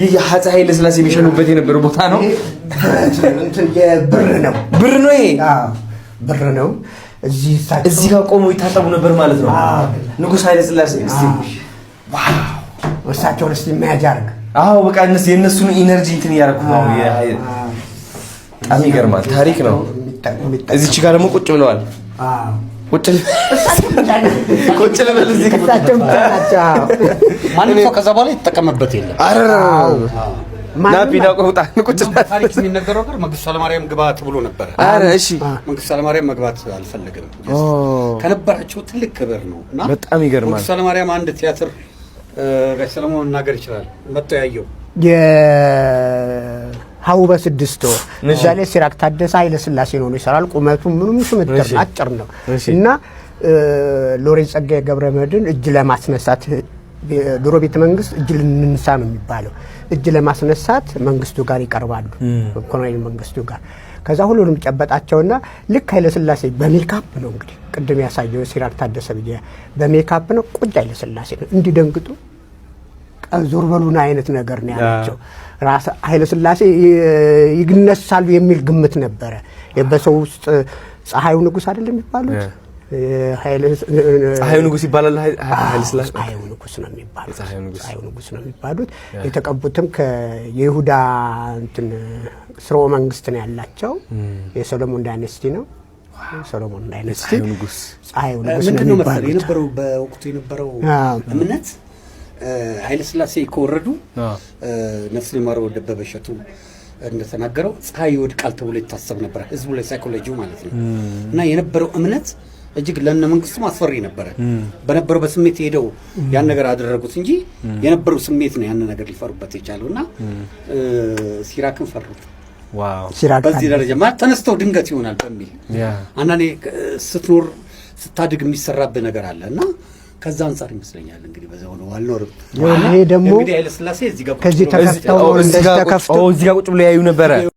ይህ የአፄ ኃይለ የሚሸኑበት የነበረ ቦታ ነው። ብር ነው ብር ነው ይሄ ብር ነው። እዚህ ጋር ቆመው ይታጠቡ ነበር ማለት ነው። ንጉሥ ኃይለ ሥላሴ እሳቸውን ስ መያዝ አዎ በቃ የእነሱን ኢነርጂ እንትን እያደረኩ ነው። በጣም ይገርማል። ታሪክ ነው። እዚች ጋር ደግሞ ቁጭ ብለዋል። ቁጭ ልበል እዚህ ማንም ሰው ከዛ በኋላ የተጠቀመበት የለም። ናቢና ቆጣ ቁጭ ታሪክ የሚነገረው ነገር መንግስቱ ኃይለማርያም ግባ ተብሎ ነበረ። እሺ፣ መንግስቱ ኃይለማርያም መግባት አልፈለግም ከነበራቸው ትልቅ ክብር ነው እና በጣም ይገርማል። መንግስቱ ኃይለማርያም አንድ ቲያትር ጋሽ ሰለሞን መናገር ይችላል። መጥቶ ያየው ሀውበ ስድስት ወር እዛ ላይ ሲራክ ታደሰ ኃይለ ሥላሴ ነው ይሰራል። ቁመቱ ምኑም ስምትር አጭር ነው እና ሎሬት ጸጋዬ ገብረ መድኅን እጅ ለማስነሳት ድሮ ቤተ መንግስት እጅ ልንነሳ ነው የሚባለው። እጅ ለማስነሳት መንግስቱ ጋር ይቀርባሉ፣ ኮሎኔል መንግስቱ ጋር ከዛ ሁሉንም ጨበጣቸውና ልክ ኃይለስላሴ በሜካፕ ነው እንግዲህ ቅድም ያሳየው ሲራክ ታደሰ ብዬ በሜካፕ ነው ቁጭ ኃይለስላሴ ነው እንዲደንግጡ ዞር በሉን አይነት ነገር ነው ያላቸው። ራስ ኃይለ ስላሴ ይነሳሉ የሚል ግምት ነበረ በሰው ውስጥ። ፀሐዩ ንጉስ አይደለም የሚባሉት ፀሐዩ ንጉስ ይባላል። ፀሐዩ ንጉሥ ነው የሚባሉት። ፀሐዩ ንጉሥ ነው የሚባሉት። የተቀቡትም ከይሁዳ እንትን ስርወ መንግስት ነው ያላቸው። የሰሎሞን ዳይነስቲ ነው። ሰሎሞን ዳይነስቲ ፀሐዩ ንጉሥ ምንድን ነው መሰለህ የነበረው በወቅቱ የነበረው እምነት ኃይለስላሴ ከወረዱ ነፍስ ይማረው ደበበ እሸቱ እንደተናገረው ፀሐይ ይወድቃል ተብሎ ይታሰብ ነበረ፣ ህዝቡ ላይ ሳይኮሎጂው ማለት ነው። እና የነበረው እምነት እጅግ ለነ መንግስቱም አስፈሪ ነበረ። በነበረው በስሜት ሄደው ያን ነገር አደረጉት እንጂ የነበረው ስሜት ነው ያን ነገር ሊፈሩበት የቻለው እና ሲራክን ፈሩት። በዚህ ደረጃ ማለት ተነስተው ድንገት ይሆናል በሚል አንዳንዴ ስትኖር ስታድግ የሚሰራብህ ነገር አለ እና ከዛ አንጻር ይመስለኛል እንግዲህ በዛው ነው አልኖርም። ይሄ ደግሞ ከዚህ ተከፍተው እዚህ ጋር ቁጭ ብሎ ያዩ ነበረ።